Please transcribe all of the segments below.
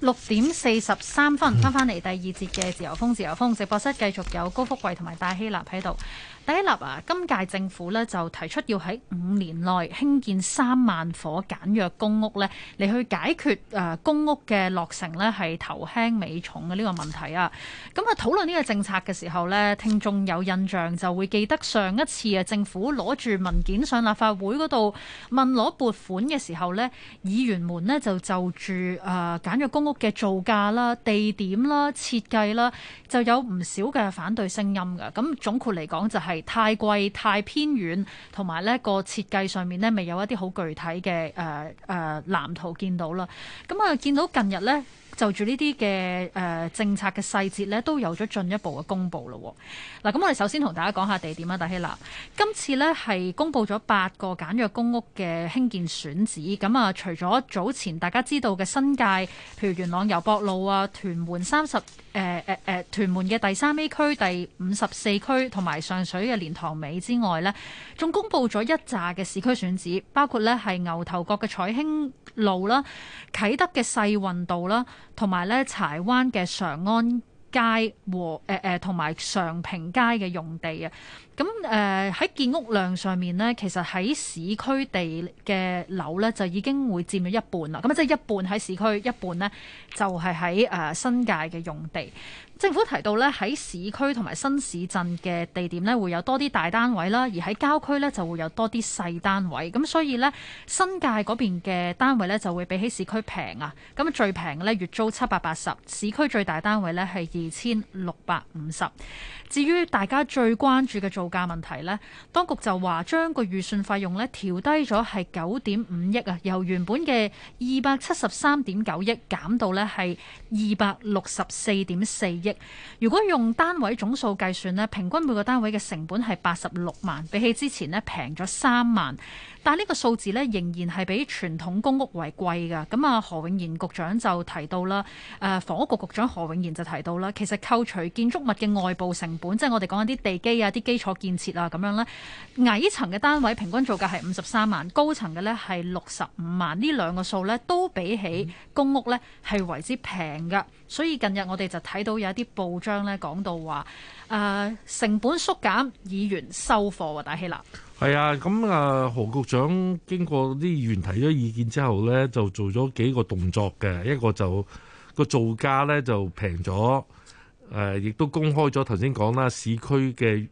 六點四十三分，返返嚟第二節嘅自由風，自由風直播室繼續有高福貴同埋戴希立喺度。第一立啊，今屆政府咧就提出要喺五年內興建三萬伙簡約公屋咧，嚟去解決誒公屋嘅落成咧係頭輕尾重嘅呢個問題啊。咁啊討論呢個政策嘅時候呢，聽眾有印象就會記得上一次啊政府攞住文件上立法會嗰度問攞撥款嘅時候呢，議員們呢就就住誒簡約公屋嘅造價啦、地點啦、設計啦，就有唔少嘅反對聲音㗎。咁總括嚟講就係、是。太貴、太偏遠，同埋呢個設計上面呢，未有一啲好具體嘅誒誒藍圖見到啦。咁啊，見到近日呢，就住呢啲嘅誒政策嘅細節咧，都有咗進一步嘅公布咯。嗱，咁我哋首先同大家講下地點啊，大希娜。今次咧係公布咗八個簡約公屋嘅興建選址。咁啊，除咗早前大家知道嘅新界，譬如元朗油博路啊、屯門三十誒誒誒屯門嘅第三 A 區、第五十四區同埋上水嘅蓮塘尾之外咧，仲公布咗一紮嘅市區選址，包括咧係牛頭角嘅彩興路啦，啟德嘅世運道啦，同埋咧柴灣嘅常安街和誒誒同埋常平街嘅用地啊。咁誒喺建屋量上面咧，其實喺市區地嘅樓咧就已經會佔咗一半啦。咁即係一半喺市區，一半咧就係喺誒新界嘅用地。政府提到咧喺市區同埋新市鎮嘅地點咧會有多啲大單位啦，而喺郊區咧就會有多啲細單位。咁所以咧新界嗰邊嘅單位咧就會比起市區平啊。咁最平咧月租七百八十，市區最大單位咧係二千六百五十。至於大家最關注嘅做法價問題咧，當局就話將個預算費用咧調低咗，係九點五億啊，由原本嘅二百七十三點九億減到咧係二百六十四點四億。如果用單位總數計算咧，平均每個單位嘅成本係八十六萬，比起之前咧平咗三萬，但係呢個數字咧仍然係比傳統公屋為貴噶。咁啊，何永賢局長就提到啦，誒，房屋局局長何永賢就提到啦，其實扣除建築物嘅外部成本，即係我哋講一啲地基啊、啲基、基礎。建設啊，咁樣呢，矮層嘅單位平均造價係五十三萬，高層嘅呢係六十五萬。呢兩個數呢都比起公屋呢係為之平㗎。所以近日我哋就睇到有一啲報章呢講到話，誒、呃、成本縮減，議員收貨喎，戴希南。係啊，咁、嗯、啊何局長經過啲議員提咗意見之後呢，就做咗幾個動作嘅，一個就個造價呢就平咗，誒、呃、亦都公開咗頭先講啦，市區嘅。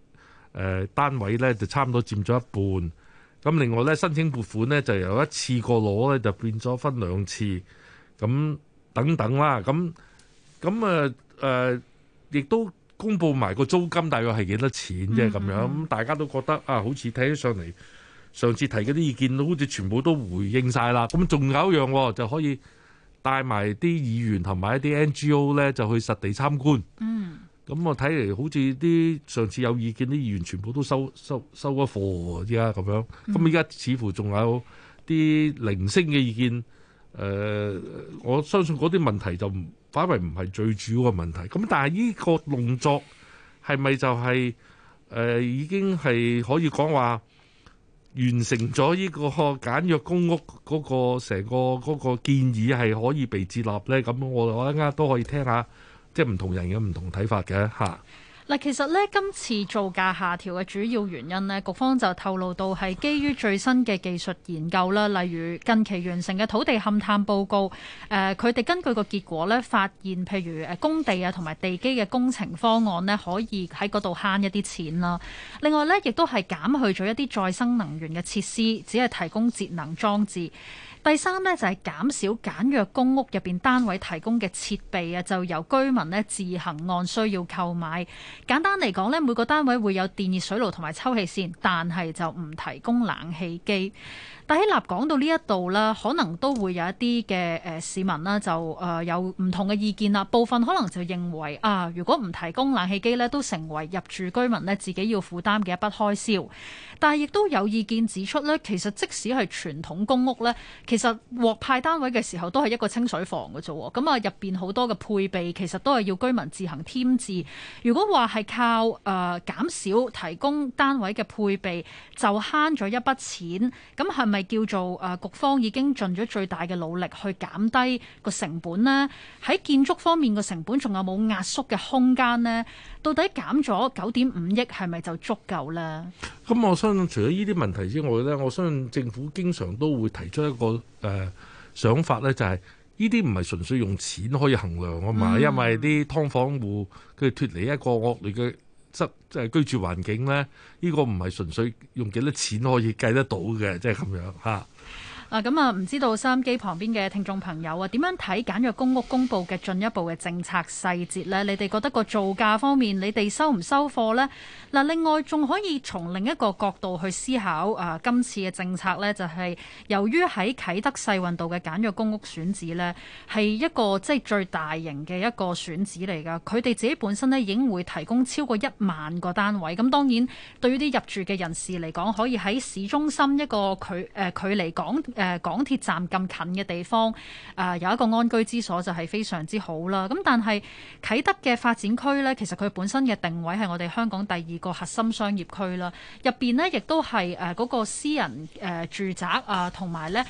誒、呃、單位咧就差唔多佔咗一半，咁另外咧申請撥款咧就由一次過攞咧就變咗分兩次，咁等等啦，咁咁啊誒，亦都公佈埋個租金大約係幾多錢啫咁、mm -hmm. 樣，咁大家都覺得啊，好似睇起上嚟上次提嗰啲意見，好似全部都回應晒啦，咁仲有一樣、哦、就可以帶埋啲議員同埋一啲 NGO 咧就去實地參觀。嗯、mm -hmm.。咁我睇嚟好似啲上次有意見啲議員全部都收收收咗貨喎，而家咁樣。咁而家似乎仲有啲零星嘅意見。誒、呃，我相信嗰啲問題就唔，反而唔係最主要嘅問題。咁但係呢個動作係咪就係、是、誒、呃、已經係可以講話完成咗呢個簡約公屋嗰個成個嗰個建議係可以被接納呢？咁我我一陣間都可以聽下。即係唔同人有唔同睇法嘅嚇。嗱，其實咧今次造價下調嘅主要原因呢，局方就透露到係基於最新嘅技術研究啦，例如近期完成嘅土地勘探報告。誒、呃，佢哋根據個結果咧，發現譬如誒工地啊同埋地基嘅工程方案呢，可以喺嗰度慳一啲錢啦。另外咧，亦都係減去咗一啲再生能源嘅設施，只係提供節能裝置。第三呢，就係減少簡約公屋入邊單位提供嘅設備啊，就由居民呢自行按需要購買。簡單嚟講呢，每個單位會有電熱水爐同埋抽氣扇，但係就唔提供冷氣機。但喺立講到呢一度呢，可能都會有一啲嘅、呃、市民呢，就、呃、有唔同嘅意見啦。部分可能就認為啊，如果唔提供冷氣機呢，都成為入住居民呢自己要負擔嘅一筆開銷。但係亦都有意見指出呢，其實即使係傳統公屋呢……其實獲派單位嘅時候都係一個清水房嘅啫，咁啊入面好多嘅配備其實都係要居民自行添置。如果話係靠誒、呃、減少提供單位嘅配備就慳咗一筆錢，咁係咪叫做誒、呃、局方已經盡咗最大嘅努力去減低個成本呢？喺建築方面嘅成本仲有冇壓縮嘅空間呢？到底減咗九點五億係咪就足夠咧？咁我相信除咗呢啲問題之外咧，我相信政府經常都會提出一個誒、呃、想法咧，就係呢啲唔係純粹用錢可以衡量啊嘛、嗯，因為啲㓥房戶佢脱離一個惡劣嘅即即係居住環境咧，呢、呢個唔係純粹用幾多錢可以計得到嘅，即係咁樣嚇。啊啊，咁啊，唔知道收音機旁邊嘅聽眾朋友啊，點樣睇簡約公屋公布嘅進一步嘅政策細節呢？你哋覺得個造價方面，你哋收唔收貨呢？嗱、啊，另外仲可以從另一個角度去思考啊，今次嘅政策呢，就係、是、由於喺啟德世運道嘅簡約公屋選址呢，係一個即係、就是、最大型嘅一個選址嚟噶。佢哋自己本身呢，已經會提供超過一萬個單位。咁當然，對於啲入住嘅人士嚟講，可以喺市中心一個距誒距、呃、離港。港鐵站咁近嘅地方，有一個安居之所就係非常之好啦。咁但係啟德嘅發展區呢，其實佢本身嘅定位係我哋香港第二個核心商業區啦。入面呢，亦都係嗰個私人住宅啊，同埋呢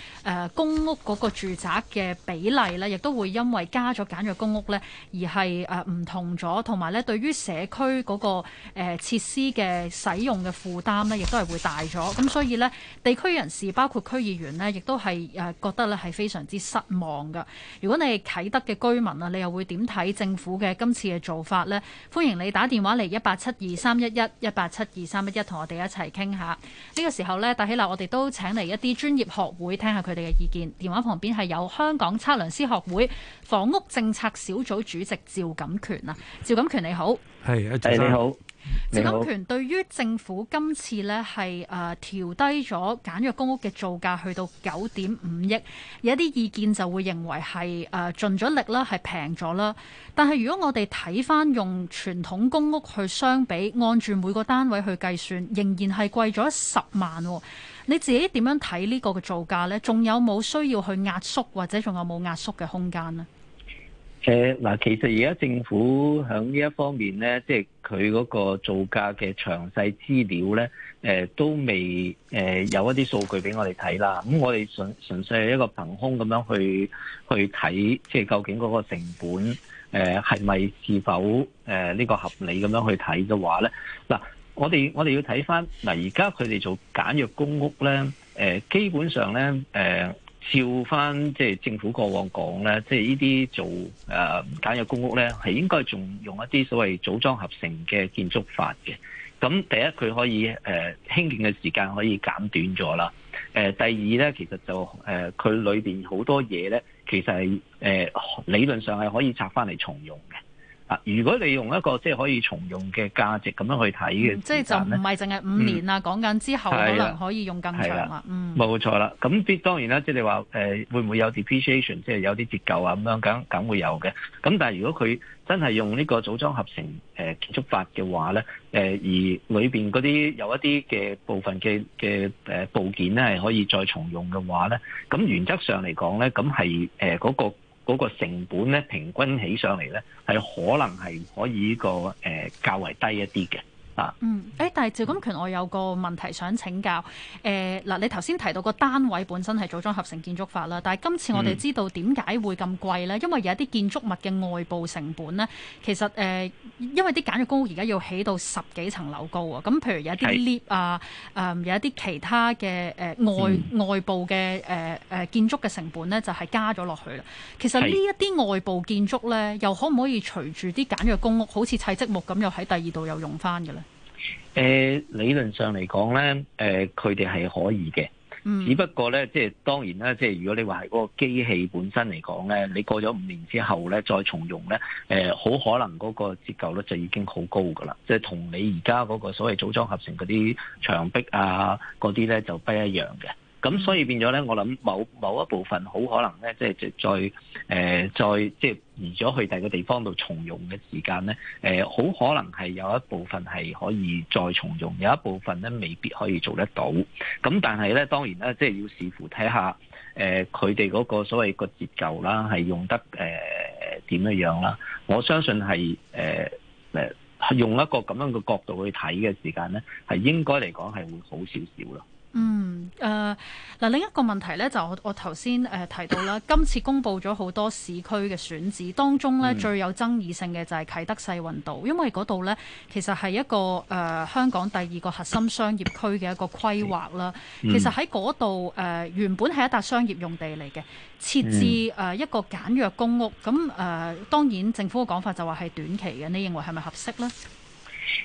公屋嗰個住宅嘅比例呢，亦都會因為加咗簡約公屋呢，而係唔同咗。同埋呢，對於社區嗰個誒設施嘅使用嘅負擔呢，亦都係會大咗。咁所以呢，地區人士包括區議員呢。亦都係誒覺得咧係非常之失望㗎。如果你係啟德嘅居民啊，你又會點睇政府嘅今次嘅做法呢？歡迎你打電話嚟一八七二三一一，一八七二三一一，同我哋一齊傾下。呢個時候呢，戴希立，我哋都請嚟一啲專業學會聽下佢哋嘅意見。電話旁邊係有香港測量師學會房屋政策小組主席趙錦權啊。趙錦權你好，係一你好。錦權對於政府今次咧係誒調低咗簡約公屋嘅造價去到九點五億，有一啲意見就會認為係誒盡咗力啦，係平咗啦。但係如果我哋睇返用傳統公屋去相比，按住每個單位去計算，仍然係貴咗十萬喎。你自己點樣睇呢個嘅造價呢？仲有冇需要去壓縮，或者仲有冇壓縮嘅空間呢？誒嗱，其實而家政府喺呢一方面咧，即係佢嗰個造價嘅詳細資料咧，誒都未誒有一啲數據俾我哋睇啦。咁我哋純純粹係一個憑空咁樣去去睇，即係究竟嗰個成本誒係咪是否誒呢個合理咁樣去睇嘅話咧？嗱，我哋我哋要睇翻嗱，而家佢哋做簡約公屋咧，誒基本上咧，誒。照翻即係政府過往講咧，即係呢啲做誒簡約公屋咧，係應該仲用一啲所謂組裝合成嘅建築法嘅。咁第一佢可以誒興建嘅時間可以減短咗啦。誒第二咧，其實就誒佢裏面好多嘢咧，其實係誒理論上係可以拆翻嚟重用。啊！如果你用一個即係可以重用嘅價值咁樣去睇嘅，嗯嗯，即係就唔係淨係五年啊，講、嗯、緊之後可能可以用更長啊。嗯沒，冇錯啦。咁必當然啦，即係你話誒、呃、會唔會有 depreciation，即係有啲折舊啊咁樣，梗梗會有嘅。咁但係如果佢真係用呢個組裝合成誒建築法嘅話咧，誒、呃、而裏面嗰啲有一啲嘅部分嘅嘅誒部件咧係可以再重用嘅話咧，咁原則上嚟講咧，咁係誒嗰個。嗰、嗰個成本咧，平均起上嚟咧，係可能係可以、個誒、呃、較為低一啲嘅。嗯，誒，但係趙錦權，我有個問題想請教，誒、呃、嗱，你頭先提到個單位本身係組裝合成建築法啦，但係今次我哋知道點解會咁貴呢？因為有一啲建築物嘅外部成本呢，其實誒、呃，因為啲簡約公屋而家要起到十幾層樓高啊，咁譬如有一啲 lift 啊，誒、嗯，有一啲其他嘅誒外外部嘅誒誒建築嘅成本呢，就係加咗落去啦。其實呢一啲外部建築呢，又可唔可以隨住啲簡約公屋好似砌積木咁，又喺第二度又用翻嘅咧？誒，理論上嚟講咧，誒，佢哋係可以嘅。嗯。只不過咧，即係當然啦，即係如果你話係嗰個機器本身嚟講咧，你過咗五年之後咧，再重用咧，誒，好可能嗰個折舊率就已經好高噶啦。即係同你而家嗰個所謂組裝合成嗰啲牆壁啊，嗰啲咧就不一樣嘅。咁所以變咗咧，我諗某某一部分好可能咧，即係再、呃、再誒再即係移咗去第二個地方度重用嘅時間咧，誒、呃、好可能係有一部分係可以再重用，有一部分咧未必可以做得到。咁但係咧，當然咧，即係要視乎睇下誒佢哋嗰個所謂個結構啦，係用得誒點、呃、樣啦。我相信係誒、呃、用一個咁樣嘅角度去睇嘅時間咧，係應該嚟講係會好少少咯。嗯，誒、呃、嗱，另一個問題咧，就我我頭先誒提到啦，今次公布咗好多市區嘅選址，當中咧、嗯、最有爭議性嘅就係啟德世運道，因為嗰度咧其實係一個誒、呃、香港第二個核心商業區嘅一個規劃啦。嗯、其實喺嗰度誒原本係一笪商業用地嚟嘅，設置誒一個簡約公屋。咁、嗯、誒、呃、當然政府嘅講法就話係短期嘅，你認為係咪合適呢？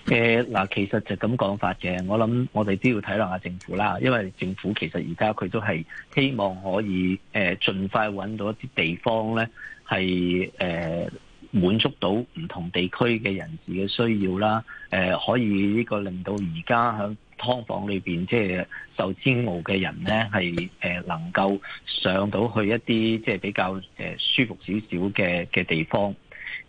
誒，嗱，其實就咁講法嘅，我諗我哋都要體諒下政府啦，因為政府其實而家佢都係希望可以誒，盡快搵到一啲地方咧，係誒滿足到唔同地區嘅人士嘅需要啦。誒，可以呢個令到而家喺劏房裏邊即係受煎熬嘅人咧，係誒能夠上到去一啲即係比較誒舒服少少嘅嘅地方，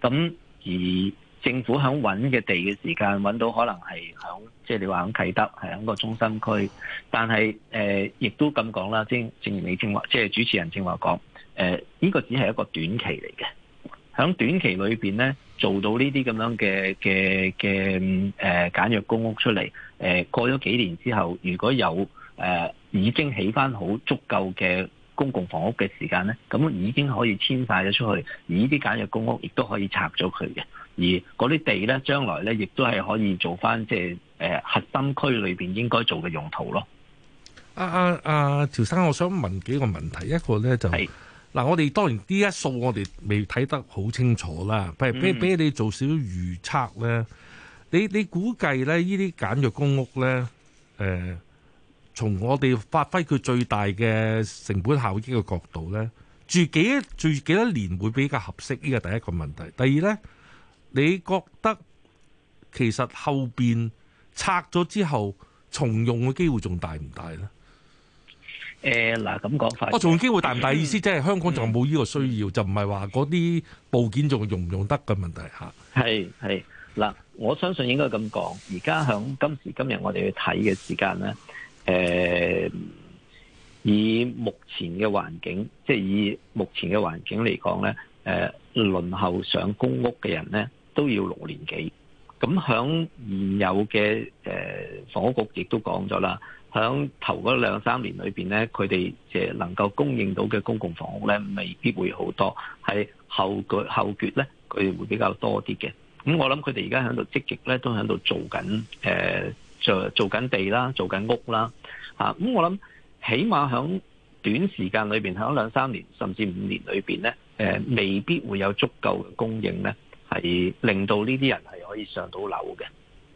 咁而。政府響揾嘅地嘅時間揾到可能係響，即係你話響啟德，係響個中心區，但係誒亦都咁講啦，正如你正話，即係主持人正話講誒呢個只係一個短期嚟嘅。響短期裏邊咧，做到呢啲咁樣嘅嘅嘅誒簡約公屋出嚟。誒、呃、過咗幾年之後，如果有誒、呃、已經起翻好足夠嘅公共房屋嘅時間咧，咁已經可以遷晒咗出去，而呢啲簡約公屋亦都可以拆咗佢嘅。而嗰啲地咧，將來咧，亦都係可以做翻，即係誒、呃、核心區裏邊應該做嘅用途咯。阿阿阿，趙、啊、生，我想問幾個問題。一個咧就係嗱，我哋當然呢一數，我哋未睇得好清楚啦。譬如俾俾你做少少預測咧，你你估計咧，呢啲簡約公屋咧，誒、呃，從我哋發揮佢最大嘅成本效益嘅角度咧，住幾住幾多年會比較合適？呢個第一個問題。第二咧。你覺得其實後邊拆咗之後重用嘅機會仲大唔大呢？誒、呃，嗱咁講法，重用機會大唔大？嗯？意思即係香港仲有冇呢個需要，嗯、就唔係話嗰啲部件仲用唔用得嘅問題嚇。係係，嗱，我相信應該咁講。而家響今時今日我哋去睇嘅時間呢，誒、呃，以目前嘅環境，即係以目前嘅環境嚟講呢，誒、呃，輪候上公屋嘅人呢。都要六年幾，咁響現有嘅誒房屋局亦都講咗啦，響頭嗰兩三年裏面咧，佢哋能夠供應到嘅公共房屋咧，未必會好多，喺後個呢，缺咧，佢哋會比較多啲嘅。咁我諗佢哋而家喺度積極咧，都喺度做緊誒做做緊地啦，做緊屋啦，咁我諗起碼響短時間裏邊，響兩三年甚至五年裏面咧，未必會有足夠嘅供應咧。係令到呢啲人係可以上到樓嘅，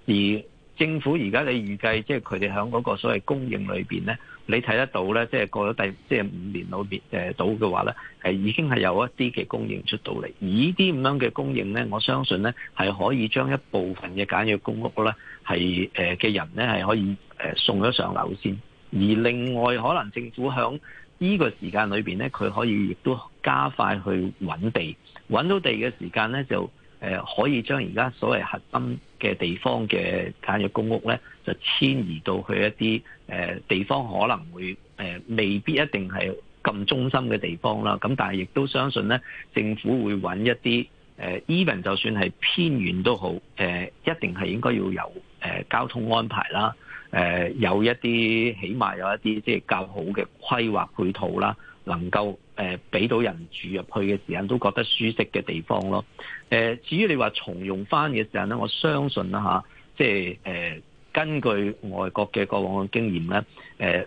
而政府而家你預計，即係佢哋響嗰個所謂供應裏邊咧，你睇得到咧，即係過咗第即係五年裏邊誒到嘅話咧，係已經係有一啲嘅供應出到嚟。而呢啲咁樣嘅供應咧，我相信咧係可以將一部分嘅簡約公屋咧係誒嘅人咧係可以誒送咗上樓先。而另外可能政府響呢個時間裏邊咧，佢可以亦都加快去揾地，揾到地嘅時間咧就。誒、呃、可以將而家所謂核心嘅地方嘅簡約公屋咧，就遷移到去一啲誒、呃、地方可能會誒、呃、未必一定係咁中心嘅地方啦。咁但係亦都相信咧，政府會揾一啲誒，even 就算係偏遠都好，誒、呃、一定係應該要有誒、呃、交通安排啦，誒、呃、有一啲起碼有一啲即係較好嘅規劃配套啦，能夠，誒俾到人住入去嘅時間都覺得舒適嘅地方咯。誒、呃，至於你話重用翻嘅時間咧，我相信啦嚇、啊，即係誒、呃、根據外國嘅過往嘅經驗咧，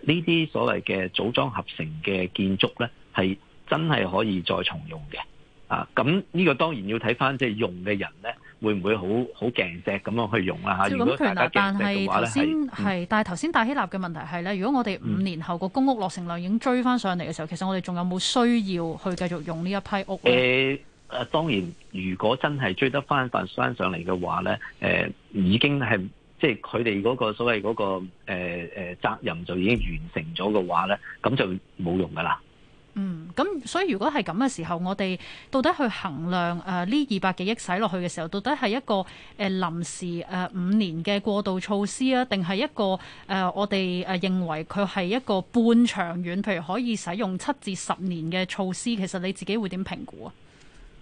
誒呢啲所謂嘅組裝合成嘅建築咧，係真係可以再重用嘅。啊，咁、這、呢個當然要睇翻即係用嘅人咧。會唔會好好勁只咁樣去用啦？嚇！如果大家嘅話係，但係頭先大希臘嘅問題係咧、嗯，如果我哋五年後個公屋落成量已經追翻上嚟嘅時候、嗯，其實我哋仲有冇需要去繼續用呢一批屋咧？誒、呃、誒，當然，如果真係追得翻翻翻上嚟嘅話咧，誒、呃、已經係即係佢哋嗰個所謂嗰、嗰個誒誒、呃呃、責任就已經完成咗嘅話咧，咁就冇用噶啦。嗯，咁所以如果係咁嘅時候，我哋到底去衡量誒呢二百幾億使落去嘅時候，到底係一個誒臨時誒五年嘅過渡措施啊，定係一個誒我哋誒認為佢係一個半長遠，譬如可以使用七至十年嘅措施，其實你自己會點評估啊？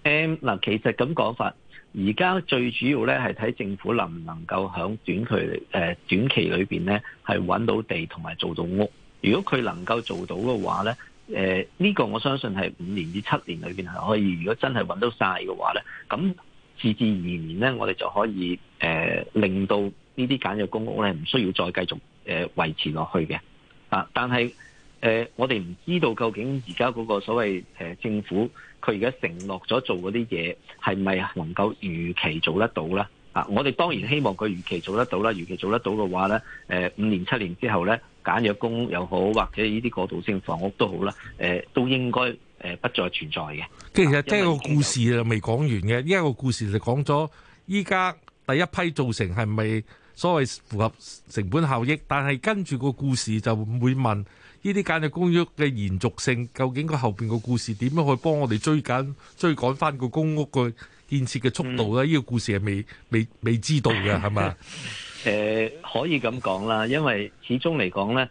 誒，嗱，其實咁講法，而家最主要咧係睇政府能唔能夠響短期誒短期裏邊咧係揾到地同埋做到屋。如果佢能夠做到嘅話咧。誒、呃、呢、呢個我相信係五年至七年裏邊係可以，如果真係搵到晒嘅話咧，咁自自然然咧，我哋就可以誒、呃、令到呢啲簡約公屋咧唔需要再繼續誒、呃、維持落去嘅啊！但係誒、呃，我哋唔知道究竟而家嗰個所謂誒、呃、政府，佢而家承諾咗做嗰啲嘢，係咪能夠如期做得到咧？啊！我哋當然希望佢如期做得到啦。如期做得到嘅話呢，誒五年七年之後呢，簡約公屋又好，或者呢啲過渡性房屋都好啦，誒、呃、都應該誒、呃、不再存在嘅、啊。其實即係個,、這個故事就未講完嘅，呢一個故事就講咗依家第一批造成係咪所謂符合成本效益？但係跟住個故事就會問：呢啲簡約公屋嘅延續性，究竟佢後面個故事點樣可以幫我哋追緊追趕翻個公屋嘅？建設嘅速度咧，呢個故事係未未未知道嘅，係嘛？誒，可以咁講啦，因為始終嚟講咧，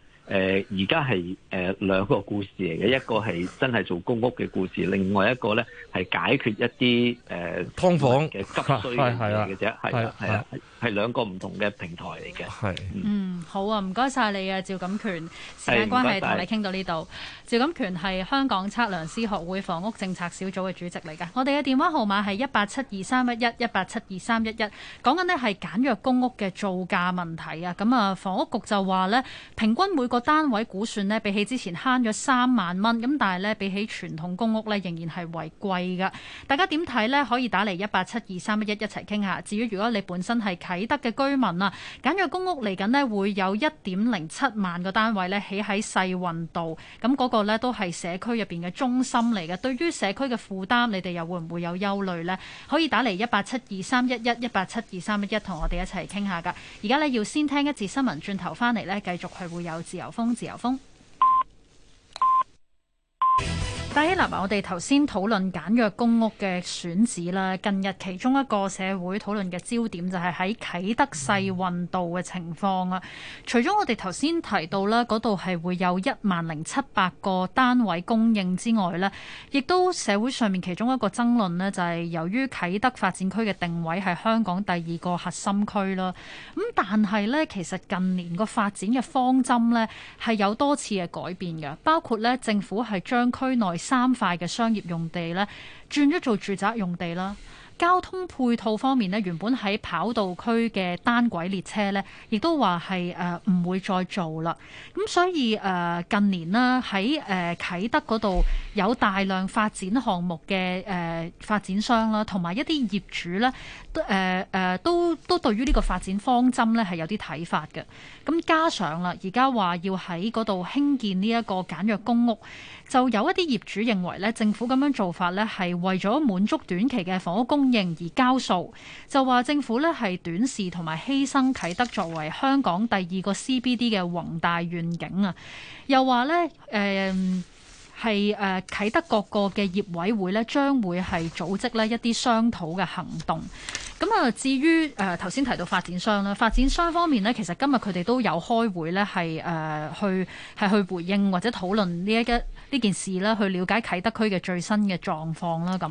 誒而家係誒兩個故事嚟嘅，一個係真係做公屋嘅故事，另外一個咧係解決一啲誒劏房嘅急需嘅嘢嘅啫，係啊係啊。係兩個唔同嘅平台嚟嘅。係、嗯。嗯，好啊，唔該晒你啊，趙錦權。時間關係，同你傾到呢度。趙錦權係香港測量師學會房屋政策小組嘅主席嚟嘅。我哋嘅電話號碼係一八七二三一一一八七二三一一。講緊呢係簡約公屋嘅造價問題啊。咁啊，房屋局就話呢，平均每個單位估算呢比起之前慳咗三萬蚊。咁但係呢，比起傳統公屋呢，仍然係為貴㗎。大家點睇呢？可以打嚟一八七二三一一一齊傾下。至於如果你本身係，啟德嘅居民啊，簡約公屋嚟緊呢會有一點零七萬個單位咧，起喺世運道，咁、那、嗰個咧都係社區入邊嘅中心嚟嘅。對於社區嘅負擔，你哋又會唔會有憂慮呢？可以打嚟一八七二三一一一八七二三一一同我哋一齊傾下噶。而家咧要先聽一節新聞，轉頭翻嚟咧，繼續係會有自由風，自由風。帶起嗱，我哋頭先討論簡約公屋嘅選址啦。近日其中一個社會討論嘅焦點就係喺啟德世運道嘅情況啊。除咗我哋頭先提到啦，嗰度係會有一萬零七百個單位供應之外咧，亦都社會上面其中一個爭論咧，就係由於啟德發展區嘅定位係香港第二個核心區啦。咁但係咧，其實近年個發展嘅方針咧係有多次嘅改變嘅，包括咧政府係將區內。三塊嘅商業用地咧，轉咗做住宅用地啦。交通配套方面呢，原本喺跑道區嘅單軌列車呢，亦都話係誒唔會再做啦。咁所以誒近年啦，喺誒啟德嗰度有大量發展項目嘅誒發展商啦，同埋一啲業主咧。誒、呃、誒、呃，都都對於呢個發展方針呢，係有啲睇法嘅。咁加上啦，而家話要喺嗰度興建呢一個簡約公屋，就有一啲業主認為呢，政府咁樣做法呢，係為咗滿足短期嘅房屋供應而交數，就話政府呢，係短視同埋犧牲啟德作為香港第二個 CBD 嘅宏大願景啊。又話呢，誒係誒啟德各個嘅業委會呢，將會係組織呢一啲商討嘅行動。咁啊，至於誒頭先提到發展商啦，發展商方面咧，其實今日佢哋都有開會咧，係、呃、誒去係去回應或者討論呢一嘅。呢件事啦，去了解啟德區嘅最新嘅狀況啦，咁、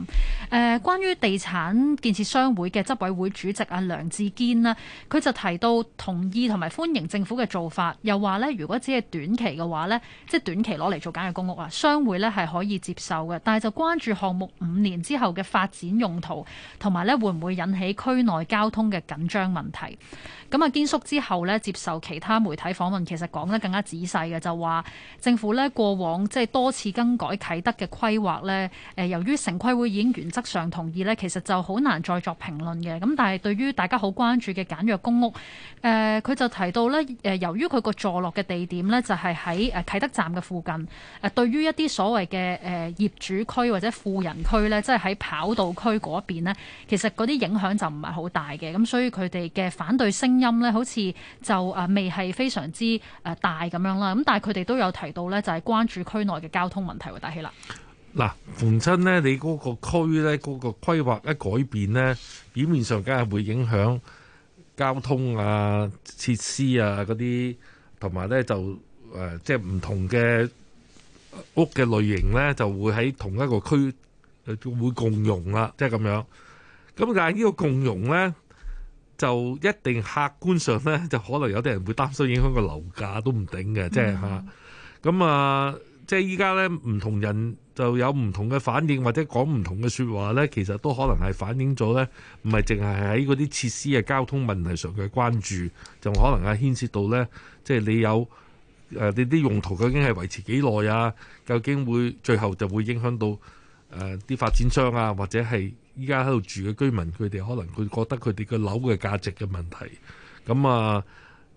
呃、誒關於地產建設商會嘅執委會主席阿梁志堅啦，佢就提到同意同埋歡迎政府嘅做法，又話咧，如果只係短期嘅話咧，即係短期攞嚟做簡約公屋啊，商會咧係可以接受嘅，但係就關注項目五年之後嘅發展用途，同埋咧會唔會引起區內交通嘅緊張問題。咁啊，堅叔之後咧接受其他媒體訪問，其實講得更加仔細嘅，就話政府咧過往即係多。多次更改啟德嘅規劃咧，誒由於城規會已經原則上同意咧，其實就好難再作評論嘅。咁但係對於大家好關注嘅簡約公屋，誒、呃、佢就提到咧，誒由於佢個坐落嘅地點咧就係喺誒啟德站嘅附近，誒對於一啲所謂嘅誒業主區或者富人區咧，即係喺跑道區嗰邊咧，其實嗰啲影響就唔係好大嘅。咁所以佢哋嘅反對聲音咧，好似就誒未係非常之誒大咁樣啦。咁但係佢哋都有提到咧，就係關注區內嘅交通問題會大起喇。嗱，逢親呢，你嗰個區咧嗰個規劃一改變呢，表面上梗係會影響交通啊、設施啊嗰啲，呃就是、同埋呢就誒即係唔同嘅屋嘅類型呢，就會喺同一個區會共融啊，即係咁樣。咁但係呢個共融呢，就一定客觀上呢，就可能有啲人會擔心影響個樓價都唔定嘅，即係嚇咁啊。即係依家咧，唔同人就有唔同嘅反應，或者講唔同嘅説話咧，其實都可能係反映咗咧，唔係淨係喺嗰啲設施嘅交通問題上嘅關注，就可能係牽涉到咧，即係你有誒你啲用途究竟係維持幾耐啊？究竟會最後就會影響到誒啲發展商啊，或者係依家喺度住嘅居民佢哋可能佢覺得佢哋嘅樓嘅價值嘅問題，咁啊。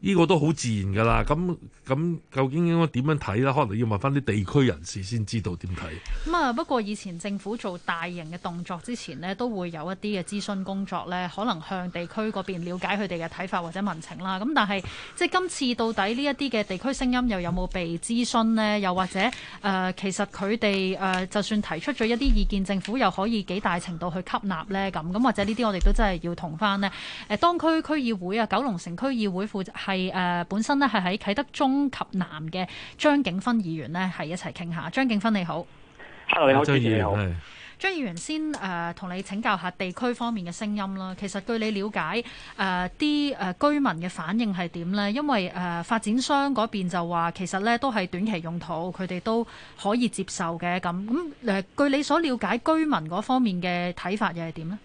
呢個都好自然噶啦，咁咁究竟應該點樣睇啦？可能要問翻啲地區人士先知道點睇。咁啊，不過以前政府做大型嘅動作之前咧，都會有一啲嘅諮詢工作咧，可能向地區嗰邊了解佢哋嘅睇法或者民情啦。咁但係即係今次到底呢一啲嘅地區聲音又有冇被諮詢咧？又或者誒、呃、其實佢哋誒就算提出咗一啲意見，政府又可以幾大程度去吸納咧？咁咁或者呢啲我哋都真係要同翻咧誒當區區議會啊，九龍城區議會負責。係誒、呃、本身咧，係喺啟德中及南嘅張景勛議員呢係一齊傾下。張景勛你好，Hello，你好，張議員你好。張議員先誒同、呃、你請教下地區方面嘅聲音啦。其實據你了解，誒啲誒居民嘅反應係點咧？因為誒、呃、發展商嗰邊就話，其實咧都係短期用途，佢哋都可以接受嘅。咁咁誒，據你所了解，居民嗰方面嘅睇法又係點咧？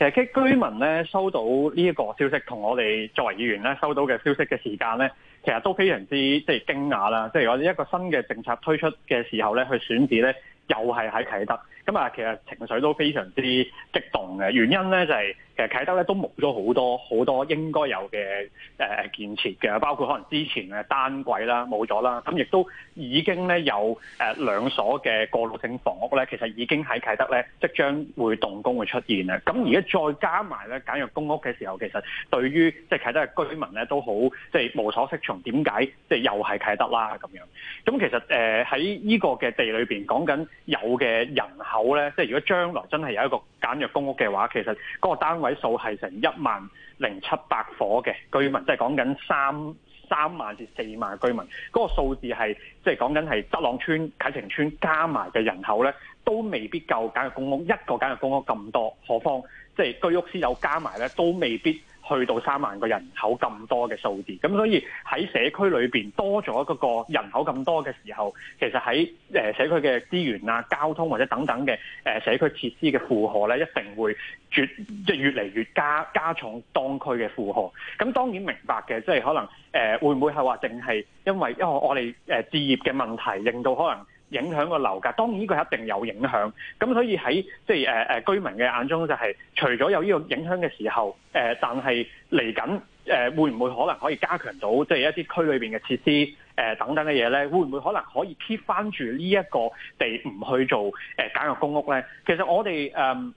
其實啲居民咧收到呢一個消息，同我哋作為議員咧收到嘅消息嘅時間咧，其實都非常之即係驚訝啦。即係我哋一個新嘅政策推出嘅時候咧，去選址咧又係喺啟德，咁啊，其實情緒都非常之激動嘅。原因咧就係、是。其實啟德咧都冇咗好多好多應該有嘅，呃、建設嘅，包括可能之前嘅單軌啦冇咗啦，咁亦都已經咧有呃、兩所嘅過路性房屋咧，其實已經喺啟德咧即將會動工會出現啊！咁而家再加埋咧簡約公屋嘅時候，其實對於即係啟德嘅居民咧都好即係無所適從，點解即係又係啟德啦咁樣，咁其實誒喺呢個嘅地裏邊講緊有嘅人口咧，即係如果將來真係有一個簡約公屋嘅話，其實嗰個單位。數係成一萬零七百伙嘅居民，即係講緊三三萬至四萬居民，嗰個數字係即係講緊係德朗村啟晴邨加埋嘅人口咧，都未必夠簡約公屋，一個簡約公屋咁多，何況即係居屋先有加埋咧，都未必。去到三萬個人口咁多嘅數字，咁所以喺社區裏面多咗嗰個人口咁多嘅時候，其實喺社區嘅資源啊、交通或者等等嘅社區設施嘅負荷咧，一定會越即係越嚟越加加重當區嘅負荷。咁當然明白嘅，即係可能誒會唔會係話淨係因為因為我哋誒置業嘅問題，令到可能。影響個樓價，當然呢個一定有影響。咁所以喺即係誒誒居民嘅眼中，就是，就係除咗有呢個影響嘅時候，誒、呃、但係嚟緊誒會唔會可能可以加強到即係、就是、一啲區裏邊嘅設施誒、呃、等等嘅嘢咧？會唔會可能可以 keep 翻住呢一個地唔去做誒、呃、簡約公屋咧？其實我哋誒。呃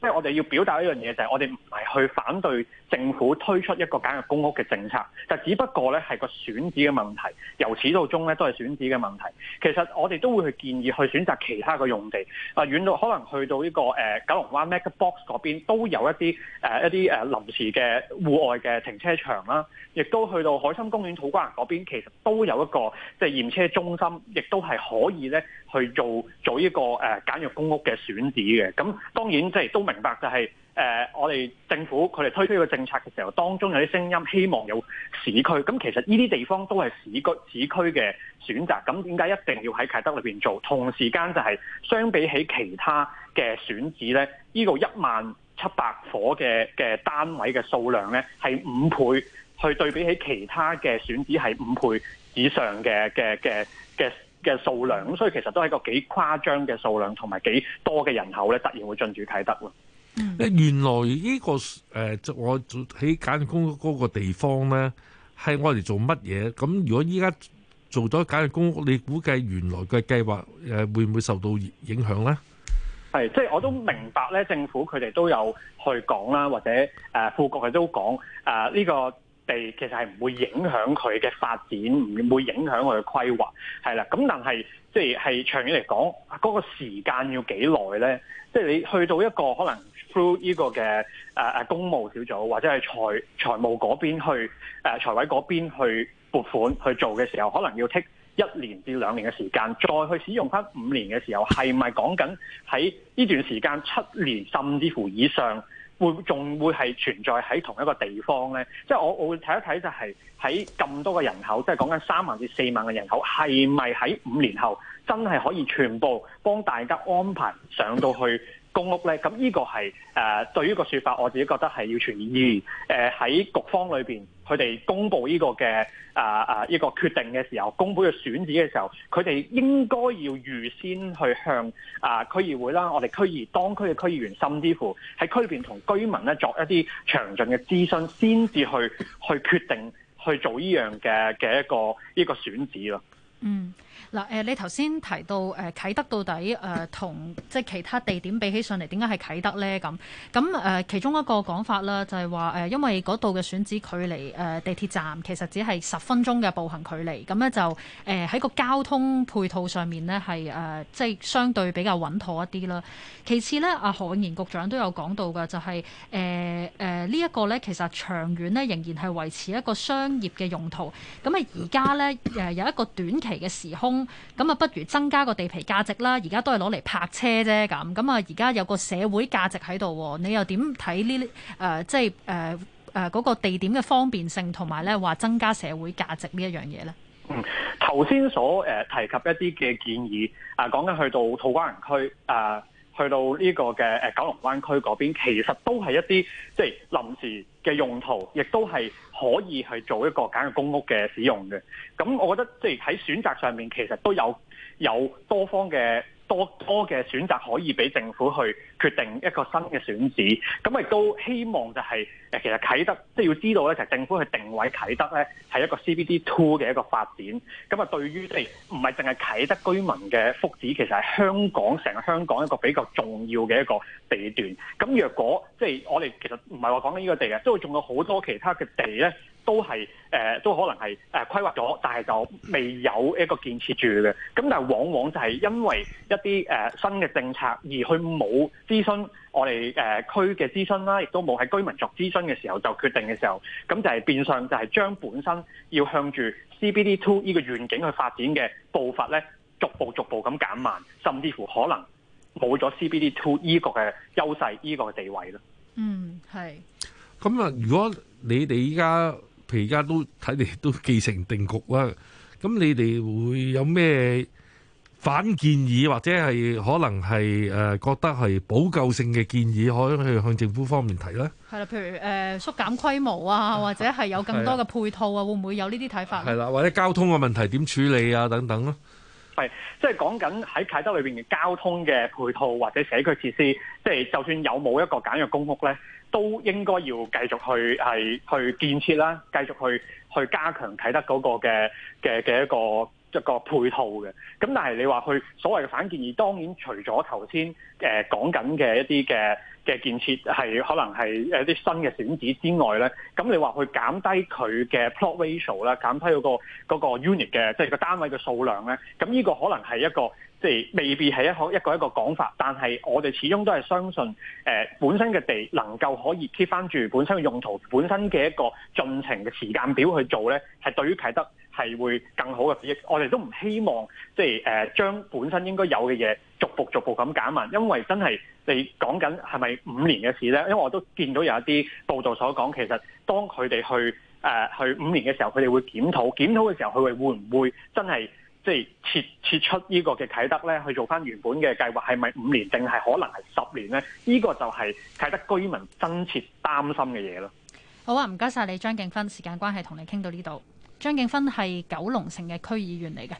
即係我哋要表達一樣嘢，就係、是、我哋唔係去反對政府推出一個簡約公屋嘅政策，就只不過咧係個選址嘅問題，由始到終咧都係選址嘅問題。其實我哋都會去建議去選擇其他嘅用地，啊遠到可能去到呢、這個、呃、九龍灣 MegaBox 嗰邊都有一啲、呃、一啲臨時嘅戶外嘅停車場啦，亦都去到海心公園土瓜灣嗰邊，其實都有一個即係驗車中心，亦都係可以咧。去做做呢個誒、呃、簡約公屋嘅選址嘅，咁當然即係都明白就係誒我哋政府佢哋推出個政策嘅時候，當中有啲聲音希望有市區，咁其實呢啲地方都係市區市區嘅選擇，咁點解一定要喺啟德裏邊做？同時間就係相比起其他嘅選址咧，呢個一萬七百伙嘅嘅單位嘅數量咧，係五倍去對比起其他嘅選址係五倍以上嘅嘅嘅嘅。嘅數量，所以其實都係一個幾誇張嘅數量，同埋幾多嘅人口咧，突然會進駐啟德。咯。嗯，原來呢、這個誒，我、呃、喺簡約公屋嗰個地方咧，係我哋做乜嘢？咁如果依家做咗簡約公屋，你估計原來嘅計劃誒會唔會受到影響咧？係，即、就、係、是、我都明白咧，政府佢哋都有去講啦，或者誒、呃、副局佢都講啊呢、呃、這個。係，其實係唔會影響佢嘅發展，唔會影響佢嘅規劃，係啦。咁但係，即係係長遠嚟講，嗰、那個時間要幾耐咧？即、就、係、是、你去到一個可能 through 呢個嘅誒誒公務小組或者係財財務嗰邊去誒、呃、財委嗰邊去撥款去做嘅時候，可能要剔一年至兩年嘅時間，再去使用翻五年嘅時候，係咪講緊喺呢段時間七年甚至乎以上？會仲會係存在喺同一個地方呢？即係我我會睇一睇，就係喺咁多個人口，即係講緊三萬至四萬嘅人口，係咪喺五年後真係可以全部幫大家安排上到去？公屋咧，咁呢個係誒、呃、對於個說法，我自己覺得係要存疑誒喺、嗯呃、局方裏面。佢哋公布呢個嘅一啊呢個決定嘅時候，公布嘅選址嘅時候，佢哋應該要預先去向啊、呃、區議會啦，我哋區議當區嘅區議員，甚至乎喺區裏面同居民咧作一啲詳盡嘅諮詢，先至去去決定去做呢樣嘅嘅一個一、呢個選址咯。嗯。嗱、呃，誒你頭先提到誒、呃、啟德到底誒同、呃、即係其他地點比起上嚟，點解係啟德咧？咁咁誒其中一個講法啦，就係話誒因為嗰度嘅選址距離誒、呃、地鐵站其實只係十分鐘嘅步行距離，咁咧就誒喺、呃、個交通配套上面咧係誒即係相對比較穩妥一啲啦。其次咧，阿何永賢局長都有講到嘅，就係誒誒呢一個咧，其實長遠咧仍然係維持一個商業嘅用途。咁啊而家咧誒有一個短期嘅時空。咁啊，不如增加個地皮價值啦！而家都係攞嚟泊車啫咁。咁啊，而家有個社會價值喺度，你又點睇呢啲？誒、呃，即係誒誒，嗰、呃呃嗰個地點嘅方便性同埋咧，話增加社會價值呢一樣嘢咧？嗯，頭先所誒提及一啲嘅建議啊，講緊去到土瓜灣區誒。啊去到呢個嘅誒九龍灣區嗰邊，其實都係一啲即係臨時嘅用途，亦都係可以去做一個簡約公屋嘅使用嘅。咁我覺得即係喺選擇上面，其實都有有多方嘅。多多嘅選擇可以俾政府去決定一個新嘅選址，咁亦都希望就係、是、其實啟德即、就是、要知道咧，其實政府去定位啟德咧係一個 CBD Two 嘅一個發展，咁啊對於即唔係淨係啟德居民嘅福祉，其實係香港成個香港一個比較重要嘅一個地段。咁若果即係、就是、我哋其實唔係話講緊呢個地啊，都會仲有好多其他嘅地咧。都係誒、呃，都可能係誒規劃咗，但係就未有一個建設住嘅。咁但係往往就係因為一啲誒、呃、新嘅政策，而去冇諮詢我哋誒、呃、區嘅諮詢啦、啊，亦都冇喺居民作諮詢嘅時候就決定嘅時候，咁就係變相就係將本身要向住 CBD Two 呢個願景去發展嘅步伐咧，逐步逐步咁減慢，甚至乎可能冇咗 CBD Two 依個嘅優勢，依、呢個嘅地位咯。嗯，係。咁啊，如果你哋依家，譬如而家都睇嚟都既成定局啦，咁你哋會有咩反建議，或者係可能係誒覺得係補救性嘅建議，可以去向政府方面提咧？係啦，譬如誒縮減規模啊，或者係有更多嘅配套啊，會唔會有呢啲睇法？係啦，或者交通嘅問題點處理啊，等等咯。係，即係講緊喺啟德裏邊嘅交通嘅配套，或者社區設施，即係就算有冇一個簡約公屋咧？都應該要繼續去係去建設啦，繼續去去加強啟德嗰個嘅嘅嘅一個一個配套嘅。咁但係你話去所謂嘅反建議，當然除咗頭先誒講緊嘅一啲嘅嘅建設係可能係一啲新嘅選址之外咧，咁你話去減低佢嘅 plot ratio 啦，減低嗰個嗰個 unit 嘅即係個單位嘅數量咧，咁呢個可能係一個。即係未必係一個一個一個講法，但係我哋始終都係相信，誒、呃、本身嘅地能夠可以 keep 翻住本身嘅用途，本身嘅一個進程嘅時間表去做咧，係對於啟德係會更好嘅。我哋都唔希望即係誒、呃、將本身應該有嘅嘢逐步逐步咁減慢，因為真係你講緊係咪五年嘅事咧？因為我都見到有一啲報道所講，其實當佢哋去誒、呃、去五年嘅時候，佢哋會檢討，檢討嘅時候佢會會唔會真係？即係撤撤出呢個嘅啟德咧，去做翻原本嘅計劃，係咪五年定係可能係十年咧？呢個就係啟德居民真切擔心嘅嘢咯。好啊，唔該晒你，張景勛，時間關係同你傾到呢度。張景勛係九龍城嘅區議員嚟嘅，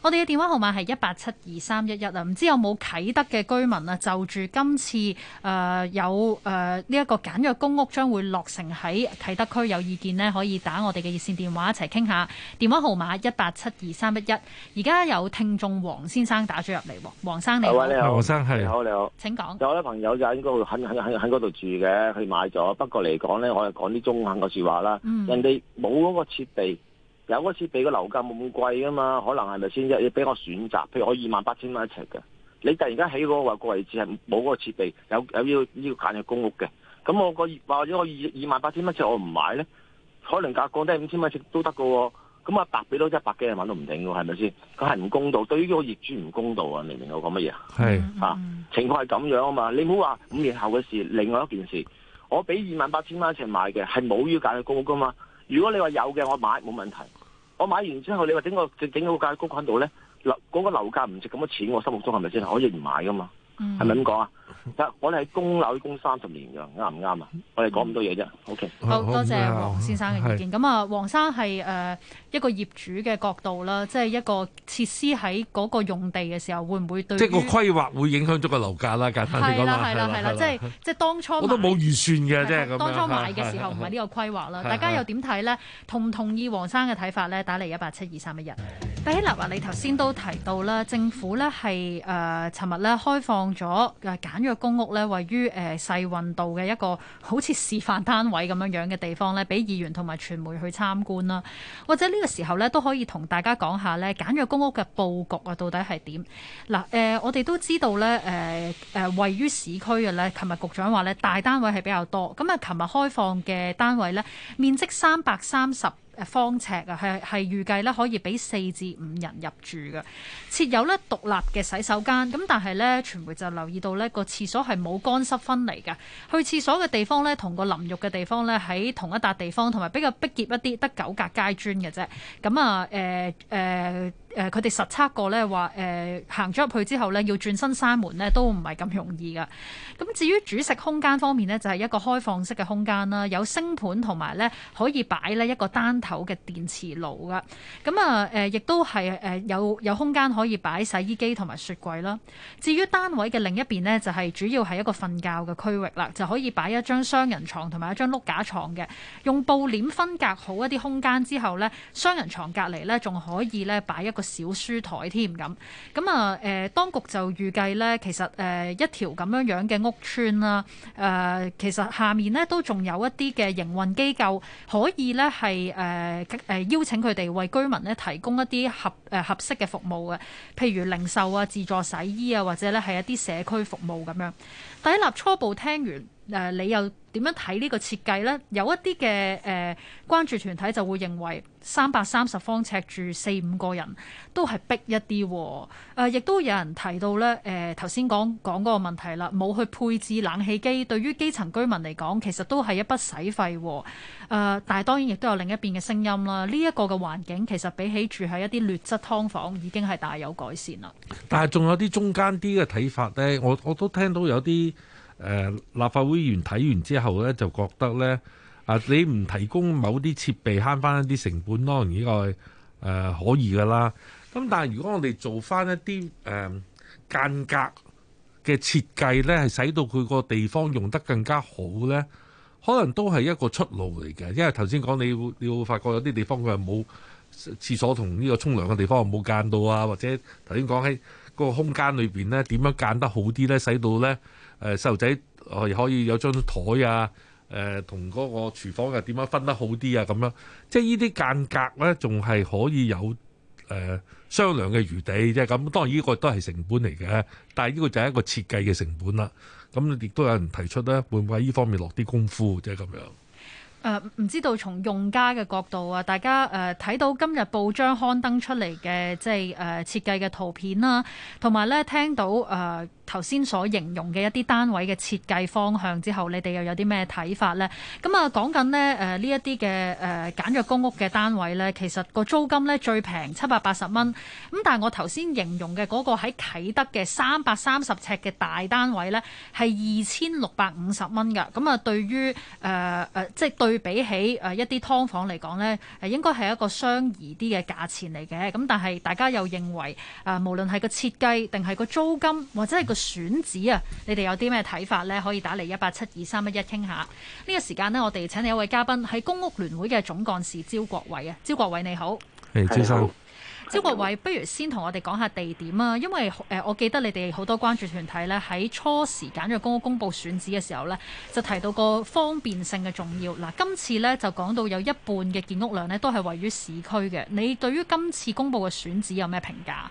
我哋嘅電話號碼係一八七二三一一啊，唔知有冇啟德嘅居民啊就住今次誒、呃、有誒呢一個簡約公屋將會落成喺啟德區有意見呢，可以打我哋嘅熱線電話一齊傾下，電話號碼一八七二三一一。而家有聽眾黃先生打咗入嚟，黃生你好，黃生係，你好你好，你好，請講。有朋友就應該會肯喺嗰度住嘅，去買咗。不過嚟講呢，我係講啲中肯嘅說話啦、嗯，人哋冇嗰個設備。有個設備嘅樓價冇咁貴噶嘛？可能係咪先？要俾我選擇，譬如我二萬八千蚊一尺嘅，你突然間起嗰個位位置係冇嗰個設備，有有呢個呢個簡約公屋嘅，咁我個或或者我二我二,二萬八千蚊尺我唔買咧，可能價格降低五千蚊尺都得噶喎。咁阿達俾到一百幾萬都唔頂喎，係咪先？佢係唔公道，對於個業主唔公道你啊！明唔明我講乜嘢啊？係情況係咁樣啊嘛。你唔好話五年後嘅事，另外一件事，我俾二萬八千蚊一尺買嘅係冇呢個簡約公屋噶嘛。如果你話有嘅，我買冇問題。我買完之後，你話整、那個整個價高喺度咧，樓、嗰個樓價唔值咁多錢，我心目中係咪先？可以唔買㗎嘛，係咪咁講啊？得，我哋係供樓供三十年嘅，啱唔啱啊？我哋講咁多嘢啫。O、OK? K，好多謝黃先生嘅意見。咁啊，黃生係誒、呃、一個業主嘅角度啦，即係一個設施喺嗰個用地嘅時候，會唔會對？即係個規劃會影響咗個樓價啦，簡單講啦。係啦係啦係啦即係即係當初我都冇預算嘅，即係當初買嘅、啊、時候唔係呢個規劃啦、啊啊。大家又點睇咧？同唔同意黃生嘅睇法咧？打嚟一八七二三一一。比起嗱，你頭先都提到啦，政府咧係誒，尋日咧開放咗簡約公屋咧，位於誒、呃、世運道嘅一個好似示範單位咁樣嘅地方咧，俾議員同埋傳媒去參觀啦。或者呢個時候咧，都可以同大家講下咧，簡約公屋嘅佈局啊，到底係點？嗱、呃、誒，我哋都知道咧，誒、呃、位於市區嘅咧，尋日局長話咧，大單位係比較多。咁啊，尋日開放嘅單位咧，面積三百三十方尺啊，係，係預計咧可以俾四至五人入住嘅，設有咧獨立嘅洗手間。咁但係咧，傳媒就留意到咧，個廁所係冇乾濕分離嘅，去廁所嘅地方咧同個淋浴嘅地方咧喺同一笪地方，同埋比較逼仄一啲，得九格階磚嘅啫。咁啊，誒、呃、誒。呃誒佢哋實測過咧，話誒行咗入去之後咧，要轉身閂門咧都唔係咁容易㗎。咁至於煮食空間方面咧，就係、是、一個開放式嘅空間啦，有星盤同埋咧可以擺咧一個單頭嘅電磁爐㗎。咁啊誒，亦、呃、都係誒有有空間可以擺洗衣機同埋雪櫃啦。至於單位嘅另一邊呢，就係、是、主要係一個瞓覺嘅區域啦，就可以擺一張雙人床同埋一張碌架床嘅，用布簾分隔好一啲空間之後呢，雙人床隔離呢，仲可以咧擺一個。那個、小書台添，咁咁啊誒，當局就預計呢，其實誒、呃、一條咁樣樣嘅屋邨啦，誒、呃、其實下面呢，都仲有一啲嘅營運機構可以呢，係誒誒邀請佢哋為居民呢提供一啲合誒、呃、合適嘅服務嘅，譬如零售啊、自助洗衣啊，或者呢係一啲社區服務咁樣。第一立初步聽完誒、呃，你有？點樣睇呢個設計呢？有一啲嘅誒關注團體就會認為三百三十方尺住四五個人都係逼一啲、啊，誒亦都有人提到呢，誒頭先講講嗰個問題啦，冇去配置冷氣機，對於基層居民嚟講，其實都係一筆洗費、啊。誒、呃，但係當然亦都有另一邊嘅聲音啦。呢、這、一個嘅環境其實比起住喺一啲劣質劏房已經係大有改善啦。但係仲有啲中間啲嘅睇法呢，我我都聽到有啲。誒、呃、立法會議員睇完之後呢，就覺得呢，啊，你唔提供某啲設備慳翻一啲成本，當然以外，誒可以㗎啦。咁但係如果我哋做翻一啲誒、呃、間隔嘅設計呢，係使到佢個地方用得更加好呢，可能都係一個出路嚟嘅。因為頭先講你會你會發覺有啲地方佢係冇廁所同呢個沖涼嘅地方冇間到啊，或者頭先講喺。個空間裏邊咧，點樣間得好啲咧，使到咧誒細路仔可以有張台啊，誒同嗰個廚房又點樣分得好啲啊？咁樣即係呢啲間隔咧，仲係可以有誒、呃、商量嘅餘地即係。咁當然呢個都係成本嚟嘅，但係呢個就係一個設計嘅成本啦。咁亦都有人提出咧，會唔會喺呢方面落啲功夫即係？咁樣。誒、呃、唔知道從用家嘅角度啊，大家誒睇、呃、到今日報章刊登出嚟嘅即係誒、呃、設計嘅圖片啦，同埋咧聽到誒頭先所形容嘅一啲單位嘅設計方向之後，你哋又有啲咩睇法呢？咁、嗯、啊講緊呢誒呢一啲嘅誒簡約公屋嘅單位呢，其實個租金呢最平七百八十蚊，咁但係我頭先形容嘅嗰個喺啟德嘅三百三十尺嘅大單位呢，係二千六百五十蚊㗎。咁、嗯、啊對於、呃、即係對。對比起誒一啲劏房嚟講呢係應該係一個相宜啲嘅價錢嚟嘅。咁但係大家又認為誒，無論係個設計定係個租金或者係個選址啊，你哋有啲咩睇法呢？可以打嚟一八七二三一一傾下。呢、這個時間呢，我哋請你一位嘉賓係公屋聯會嘅總幹事招國偉啊。招國偉你好，招國偉，不如先同我哋講下地點啊，因為誒、呃，我記得你哋好多關注團體咧，喺初時簡約公屋公佈選址嘅時候咧，就提到個方便性嘅重要。嗱，今次咧就講到有一半嘅建屋量咧都係位於市區嘅，你對於今次公佈嘅選址有咩評價？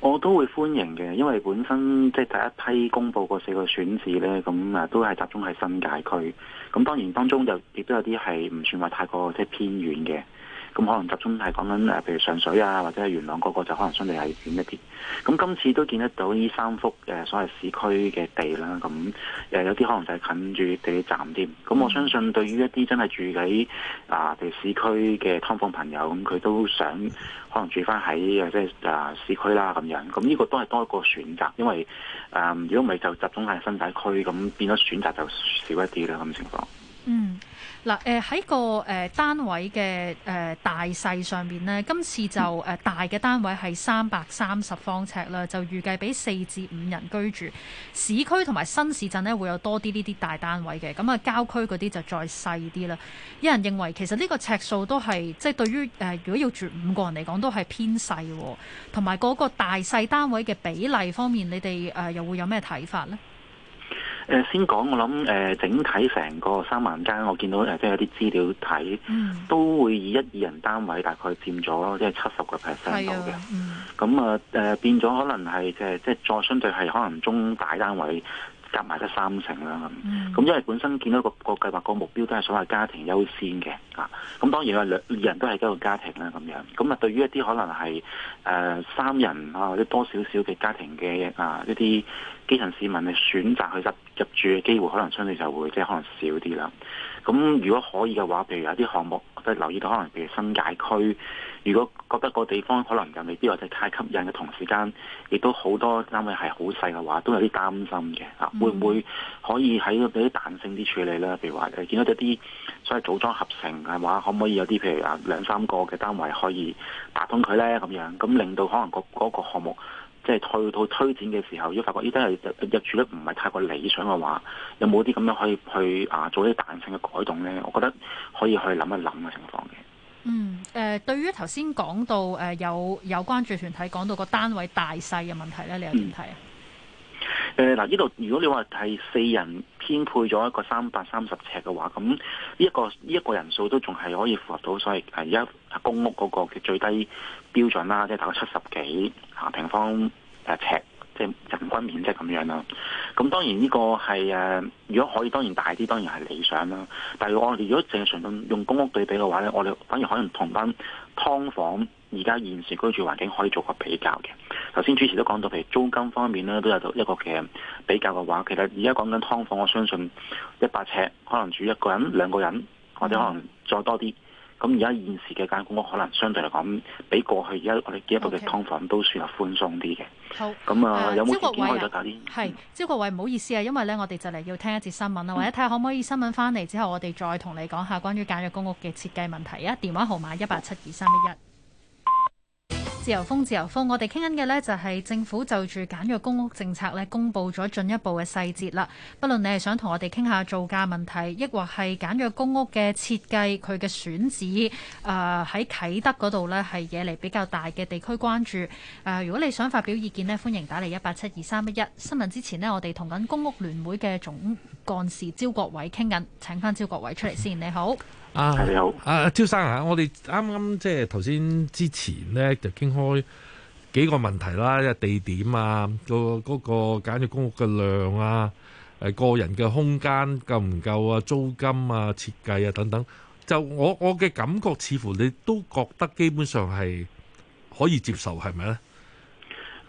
我都會歡迎嘅，因為本身即係第一批公佈嗰四個選址咧，咁啊都係集中喺新界區。咁當然當中又亦都有啲係唔算話太過即係偏遠嘅。咁可能集中係講緊譬如上水啊，或者係元朗嗰個就可能相對係遠一啲。咁今次都見得到呢三幅所謂市區嘅地啦。咁有啲可能就係近住地鐵站添。咁我相信對於一啲真係住喺啊譬如市區嘅劏房朋友，咁佢都想可能住翻喺即係啊市區啦咁樣。咁呢個都係多一個選擇，因為誒如果唔係就集中係新界區，咁變咗選擇就少一啲啦咁情況。嗯。嗱、啊，誒、呃、喺個誒、呃、單位嘅誒、呃、大細上面呢，今次就誒、呃、大嘅單位係三百三十方尺啦，就預計俾四至五人居住。市區同埋新市鎮呢會有多啲呢啲大單位嘅，咁、嗯、啊郊區嗰啲就再細啲啦。有人認為其實呢個尺數都係即係對於誒、呃、如果要住五個人嚟講都係偏細，同埋嗰個大細單位嘅比例方面，你哋誒、呃、又會有咩睇法呢？誒先講，我諗誒整體成個三萬間，我見到誒即係有啲資料睇，都會以一二人單位大概佔咗即係七十個 percent 到嘅，咁啊誒變咗可能係即係即係再相對係可能中大單位。加埋得三成啦咁，咁因為本身見到個個計劃個目標都係想話家庭優先嘅，啊，咁當然話兩人都係一個家庭啦咁樣，咁啊對於一啲可能係、呃、三人啊或者多少少嘅家庭嘅啊呢啲基層市民嚟選擇去入入住嘅機會，可能相對就會即係、就是、可能少啲啦。咁如果可以嘅話，譬如有啲項目，留意到可能譬如新界區，如果覺得個地方可能又未必或者太吸引嘅，同時間亦都好多單位係好細嘅話，都有啲擔心嘅嚇。會唔會可以喺度俾啲彈性啲處理咧？譬如話誒，你見到一啲所謂組裝合成係嘛，可唔可以有啲譬如啊兩三個嘅單位可以打通佢咧咁樣，咁令到可能個嗰個項目？即係去到推展嘅時候，如果發覺依間嘅入住得唔係太過理想嘅話，有冇啲咁樣可以去啊做啲彈性嘅改動咧？我覺得可以去諗一諗嘅情況嘅。嗯，誒、呃，對於頭先講到誒、呃、有有關注團體講到個單位大細嘅問題咧，你又點睇啊？嗯誒、呃，嗱，呢度如果你話係四人編配咗一個三百三十尺嘅話，咁呢一個呢一個人數都仲係可以符合到，所以係而家公屋嗰個嘅最低標準啦，即係大概七十幾啊平方尺，即係人均面積咁樣啦。咁當然呢個係誒，如果可以當然大啲，當然係理想啦。但係我哋如果正常用用公屋對比嘅話呢，我哋反而可能同翻劏房。而家現時居住的環境可以做個比較嘅。頭先主持都講到，譬如租金方面咧都有到一個嘅比較嘅話，其實而家講緊劏房，我相信一百尺可能住一個人、嗯、兩個人，或者可能再多啲。咁而家現時嘅簡約公屋可能相對嚟講，比過去而家我哋幾度嘅劏房都算係寬鬆啲嘅。好、okay. 咁啊，啊，有冇電話可以做、啊、招國偉唔、啊嗯、好意思啊，因為咧我哋就嚟要聽一節新聞啦，或者睇下可唔可以新聞翻嚟之後，嗯、我哋再同你講下關於簡約公屋嘅設計問題啊。電話號碼一八七二三一一。自由風，自由風，我哋傾緊嘅呢，就係政府就住簡約公屋政策呢，公布咗進一步嘅細節啦。不論你係想同我哋傾下造價問題，抑或係簡約公屋嘅設計，佢嘅選址，誒、呃、喺啟德嗰度呢，係惹嚟比較大嘅地區關注。誒、呃，如果你想發表意見呢，歡迎打嚟一八七二三一一。新聞之前呢，我哋同緊公屋聯會嘅總幹事招國偉傾緊。請翻招國偉出嚟先，你好。啊！你好，阿超生啊！我哋啱啱即係頭先之前呢就傾開幾個問題啦，即係地點啊，個嗰個簡約公屋嘅量啊，誒，個人嘅空間夠唔夠啊，租金啊，設計啊等等，就我我嘅感覺似乎你都覺得基本上係可以接受，係咪呢？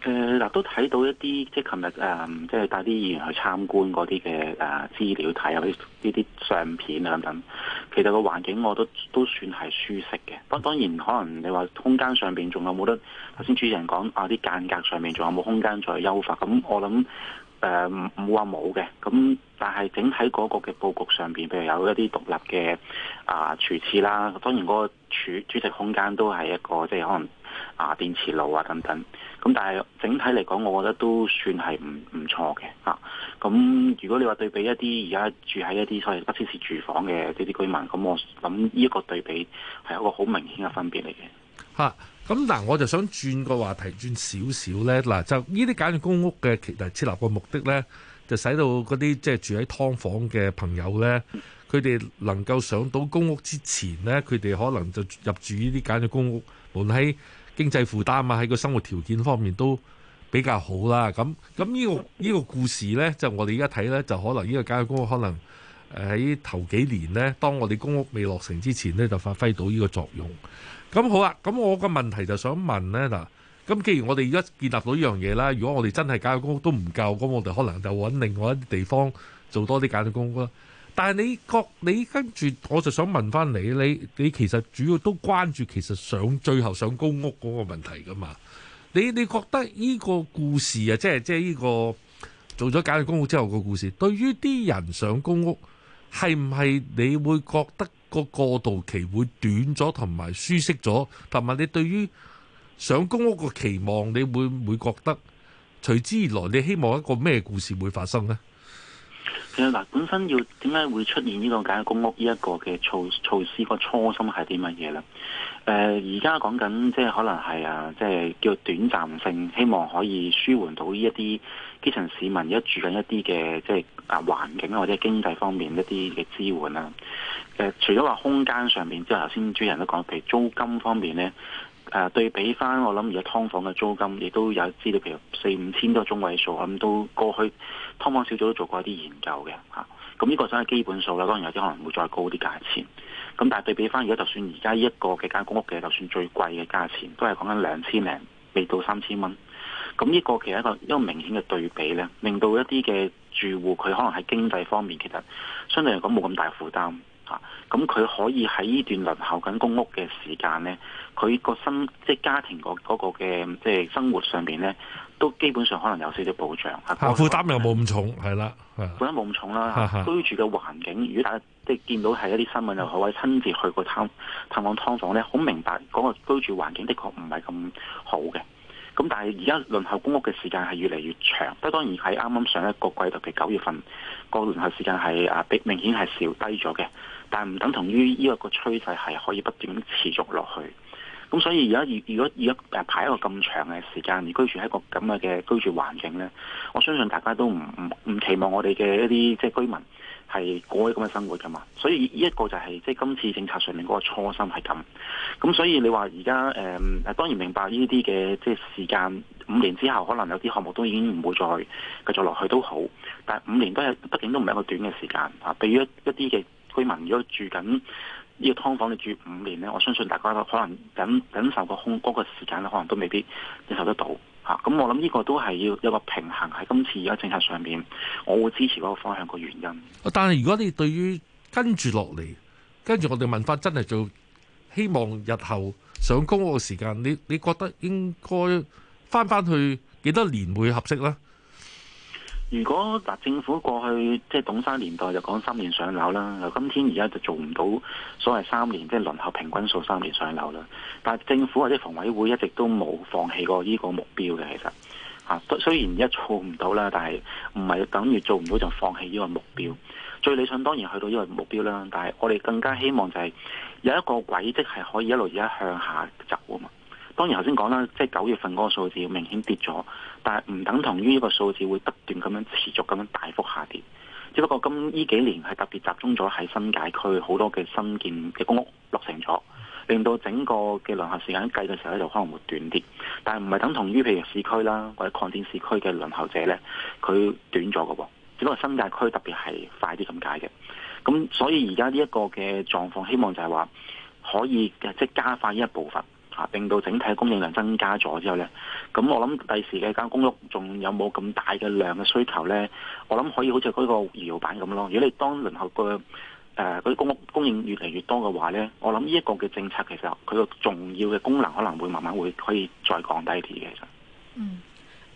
誒、呃、嗱，都睇到一啲即係琴日即係帶啲議員去參觀嗰啲嘅資料睇下啲啲相片啊等等。其實個環境我都都算係舒適嘅。當然可能你話空間上面仲有冇得，頭先主持人講啊，啲間隔上面仲有冇空間再優化？咁我諗誒冇話冇嘅。咁、嗯、但係整體嗰個嘅佈局上面，譬如有一啲獨立嘅啊廚廁啦。當然嗰個煮食空間都係一個即係可能啊電磁爐啊等等。咁但係整體嚟講，我覺得都算係唔唔錯嘅嚇。咁、啊、如果你話對比一啲而家住喺一啲所謂不適切住房嘅呢啲居民，咁、嗯、我諗呢一個對比係一個好明顯嘅分別嚟嘅嚇。咁、啊、嗱，我就想轉個話題，轉少少咧嗱，就呢啲簡約公屋嘅其實設立嘅目的咧，就使到嗰啲即係住喺劏房嘅朋友咧，佢哋能夠上到公屋之前咧，佢哋可能就入住呢啲簡約公屋，無論喺經濟負擔啊，喺個生活條件方面都比較好啦。咁咁呢個呢個故事呢，就我哋而家睇呢，就可能呢個簡約公屋可能喺頭幾年呢，當我哋公屋未落成之前呢，就發揮到呢個作用。咁好啦，咁我個問題就想問呢，嗱，咁既然我哋而家建立到呢樣嘢啦，如果我哋真係簡約公屋都唔夠，咁我哋可能就揾另外一啲地方做多啲簡約公屋啦。但係你覺你跟住我就想問翻你，你你其實主要都關注其實上最後上公屋嗰個問題噶嘛？你你覺得呢個故事啊，即係即係呢、這個做咗簡約公屋之後個故事，對於啲人上公屋係唔係你會覺得個過渡期會短咗同埋舒適咗，同埋你對於上公屋個期望，你會唔會覺得隨之而來你希望一個咩故事會發生呢？嗱，本身要點解會出現呢個簡約公屋呢一個嘅措措施個初心係啲乜嘢咧？誒、呃，而家講緊即係可能係啊，即係叫短暫性，希望可以舒緩到呢一啲基層市民而家住緊一啲嘅即係啊環境或者經濟方面一啲嘅支援啦。誒、呃，除咗話空間上面，即係頭先主人都講，譬如租金方面咧。係、啊、對對比翻我諗而家劏房嘅租金，亦都有知道，譬如四五千多個中位數咁，都過去劏房小組都做過一啲研究嘅嚇。咁呢個真係基本數啦，當然有啲可能會再高啲價錢。咁但係對比翻而家，就算而家一個簡約公屋嘅，就算最貴嘅價錢都係講緊兩千零，未到三千蚊。咁呢個其實一個一個明顯嘅對比呢，令到一啲嘅住戶佢可能喺經濟方面其實相對嚟講冇咁大負擔嚇。咁、啊、佢可以喺呢段輪候緊公屋嘅時間呢。佢個生即係家庭嗰、嗰個嘅即係生活上邊咧，都基本上可能有少少保障。嚇，負擔又冇咁重，係啦，負擔冇咁重啦。 居住嘅環境，如果大家即係見到係一啲新聞好，又可喺親自去過探探劏房咧，好明白嗰個居住環境的確唔係咁好嘅。咁但係而家輪候公屋嘅時間係越嚟越長。不過當然喺啱啱上一個季度嘅九月份，個輪候時間係啊比明顯係少低咗嘅。但係唔等同於呢一個趨勢係可以不斷持續落去。咁所以而家，如果如果排一個咁長嘅時間而居住喺一個咁嘅嘅居住環境呢，我相信大家都唔唔期望我哋嘅一啲即係居民係過咁嘅生活噶嘛。所以呢一個就係、是、即係今次政策上面嗰個初心係咁。咁所以你話而家誒，當然明白呢啲嘅即係時間五年之後，可能有啲項目都已經唔會再繼續落去都好。但係五年都係畢竟都唔係一個短嘅時間啊。對於一啲嘅居民如果住緊。呢、這個劏房你住五年呢，我相信大家都可能忍忍受個空屋嘅時間，可能都未必忍受得到嚇。咁、啊、我諗呢個都係要一個平衡喺今次而家政策上面，我會支持嗰個方向個原因。但係如果你對於跟住落嚟，跟住我哋問法真係做，希望日後上公屋嘅時間，你你覺得應該翻翻去幾多年會合適呢？如果嗱，政府過去即係董生年代就講三年上樓啦，今天而家就做唔到所謂三年即係、就是、輪候平均數三年上樓啦。但係政府或者房委會一直都冇放棄過呢個目標嘅，其實吓雖然而家做唔到啦，但係唔係等於做唔到就放棄呢個目標。最理想當然去到呢個目標啦，但係我哋更加希望就係有一個軌跡係可以一路而家向下走啊嘛。當然頭先講啦，即係九月份嗰個數字明顯跌咗。但係唔等同於呢個數字會不斷咁樣持續咁樣大幅下跌，只不過今呢幾年係特別集中咗喺新界區好多嘅新建嘅公屋落成咗，令到整個嘅輪候時間計嘅時候咧就可能會短啲。但係唔係等同於譬如市區啦或者擴展市區嘅輪候者咧，佢短咗㗎喎。只不過新界區特別係快啲咁解嘅。咁所以而家呢一個嘅狀況，希望就係話可以即加快呢一部分。令到整體供應量增加咗之後呢，咁我諗第時嘅間公屋仲有冇咁大嘅量嘅需求呢？我諗可以好似嗰個搖板咁咯。如果你當輪候嘅誒啲公屋供應越嚟越多嘅話呢，我諗呢一個嘅政策其實佢個重要嘅功能可能會慢慢會可以再降低啲嘅。其實嗯。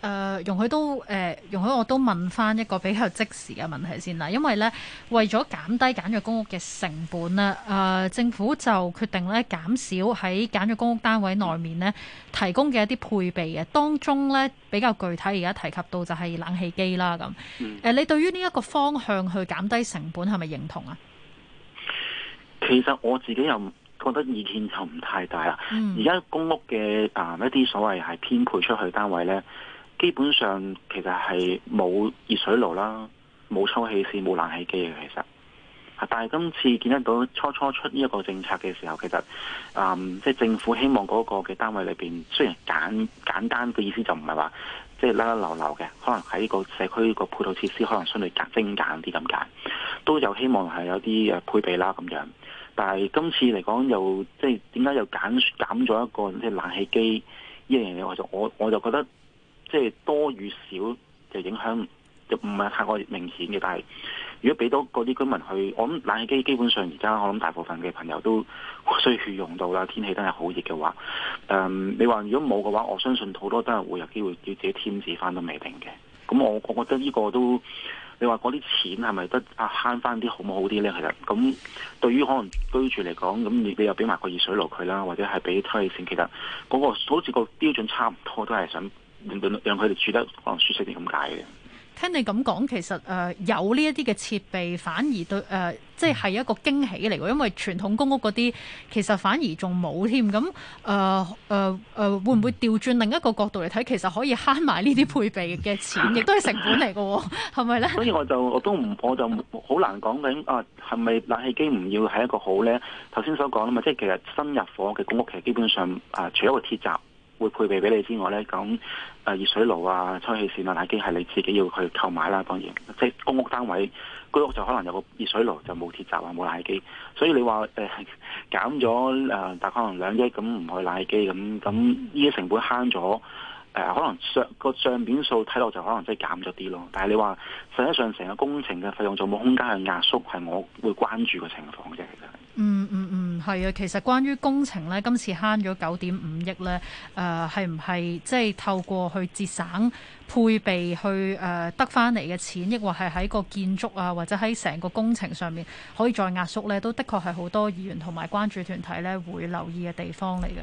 誒、呃，容許都誒、呃，容許我都問翻一個比較即時嘅問題先啦。因為咧，為咗減低簡約公屋嘅成本咧，誒、呃，政府就決定咧減少喺簡約公屋單位內面咧提供嘅一啲配備嘅，當中咧比較具體而家提及到就係冷氣機啦咁、嗯呃。你對於呢一個方向去減低成本係咪認同啊？其實我自己又覺得意見就唔太大啦。而、嗯、家公屋嘅誒一啲所謂係編配出去單位咧。基本上其實係冇熱水爐啦，冇抽氣扇、冇冷氣機嘅其實。但係今次見得到初初出呢一個政策嘅時候，其實，嗯，即係政府希望嗰個嘅單位裏邊，雖然簡簡單嘅意思就唔係話即係甩甩流流嘅，可能喺個社區個配套設施可能相對簡精簡啲咁解，都有希望係有啲誒配備啦咁樣。但係今次嚟講又即係點解又減減咗一個即係冷氣機呢樣嘢？我就我我就覺得。即係多與少嘅影響，就唔係太過明顯嘅。但係如果俾到嗰啲居民去，我諗冷氣機基本上而家我諗大部分嘅朋友都需要用到啦。天氣真係好熱嘅話，誒、嗯、你話如果冇嘅話，我相信好多都係會有機會要自己添置翻都未定嘅。咁、嗯、我我覺得呢個都你話嗰啲錢係咪得啊慳翻啲好唔好啲咧？其實咁、嗯、對於可能居住嚟講，咁你你又俾埋個熱水爐佢啦，或者係俾抽氣扇，其實嗰、那個好似個標準差唔多，都係想。讓佢哋住得可能舒適啲咁解嘅。聽你咁講，其實誒、呃、有呢一啲嘅設備，反而對誒，即係係一個驚喜嚟嘅。因為傳統公屋嗰啲，其實反而仲冇添。咁誒誒誒，會唔會調轉另一個角度嚟睇？其實可以慳埋呢啲配備嘅錢，亦都係成本嚟嘅，係咪咧？所以我就我都唔，我就好難講緊啊，係咪冷氣機唔要係一個好咧？頭先所講啦嘛，即係其實新入伙嘅公屋其實基本上啊，除咗個鐵閘。會配備俾你之外呢，咁熱水爐啊、抽氣扇啊、奶機係你自己要去購買啦。當然，即、係、公屋單位居屋就可能有個熱水爐，就冇鐵閘啊，冇奶機。所以你話、呃、減咗誒，大、呃、概可能兩億咁唔去奶機咁，咁呢個成本慳咗、呃、可能上個帳面數睇落就可能即係減咗啲咯。但係你話實際上成個工程嘅費用就冇空間去壓縮，係我會關注嘅情況啫，其實。嗯嗯嗯，係、嗯、啊、嗯。其實關於工程呢，今次慳咗九點五億呢，誒係唔係即係透過去節省？配備去、呃、得翻嚟嘅錢，亦或係喺個建築啊，或者喺成個工程上面可以再壓縮咧，都的確係好多議員同埋關注團體咧會留意嘅地方嚟嘅。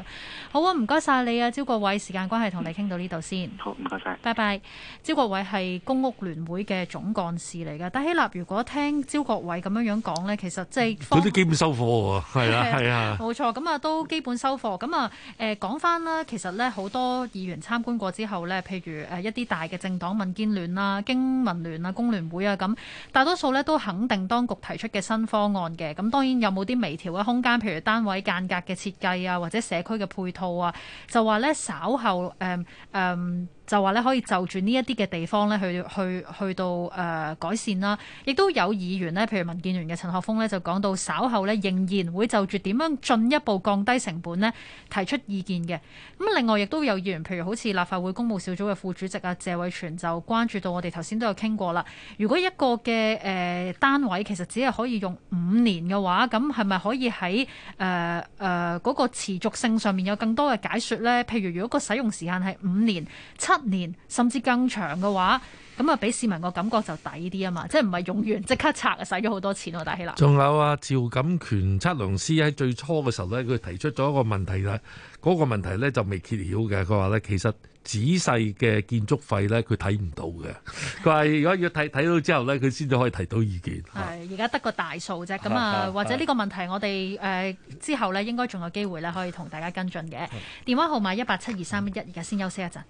好啊，唔該晒你啊，招國偉。時間關係，同你傾到呢度先。好，唔該晒，拜拜。招國偉係公屋聯會嘅總幹事嚟嘅。戴希立，如果聽招國偉咁樣樣講咧，其實即係，佢都基本收貨㗎，係啊，係啊，冇、啊、錯。咁啊，都基本收貨。咁啊，誒、呃，講翻啦，其實咧，好多議員參觀過之後咧，譬如一啲大大嘅政黨民建聯啦、啊、經民聯啊、工聯會啊，咁大多數咧都肯定當局提出嘅新方案嘅。咁當然有冇啲微調嘅空間，譬如單位間隔嘅設計啊，或者社區嘅配套啊，就話咧稍後誒誒。嗯嗯就話咧可以就住呢一啲嘅地方咧去去去到、呃、改善啦，亦都有議員呢譬如民建聯嘅陳學鋒就講到稍後仍然會就住點樣進一步降低成本呢提出意見嘅。咁另外亦都有議員，譬如好似立法會工務小組嘅副主席啊謝偉銓就關注到我哋頭先都有傾過啦。如果一個嘅、呃、單位其實只係可以用五年嘅話，咁係咪可以喺嗰、呃呃嗰個持續性上面有更多嘅解說呢？譬如如果個使用時間係五年七一年甚至更長嘅話，咁啊，俾市民個感覺就抵啲啊嘛，即係唔係用完即刻拆啊，使咗好多錢啊！大喜啦！仲有啊，趙錦權測量師喺最初嘅時候咧，佢提出咗一個問題啦，嗰個問題咧就未揭曉嘅。佢話咧，其實仔細嘅建築費咧，佢睇唔到嘅。佢 話如果要睇睇到之後咧，佢先至可以提到意見。係而家得個大數啫，咁啊， 或者呢個問題 我哋誒之後咧，應該仲有機會咧，可以同大家跟進嘅。 電話號碼一八七二三一，而家 先休息一陣。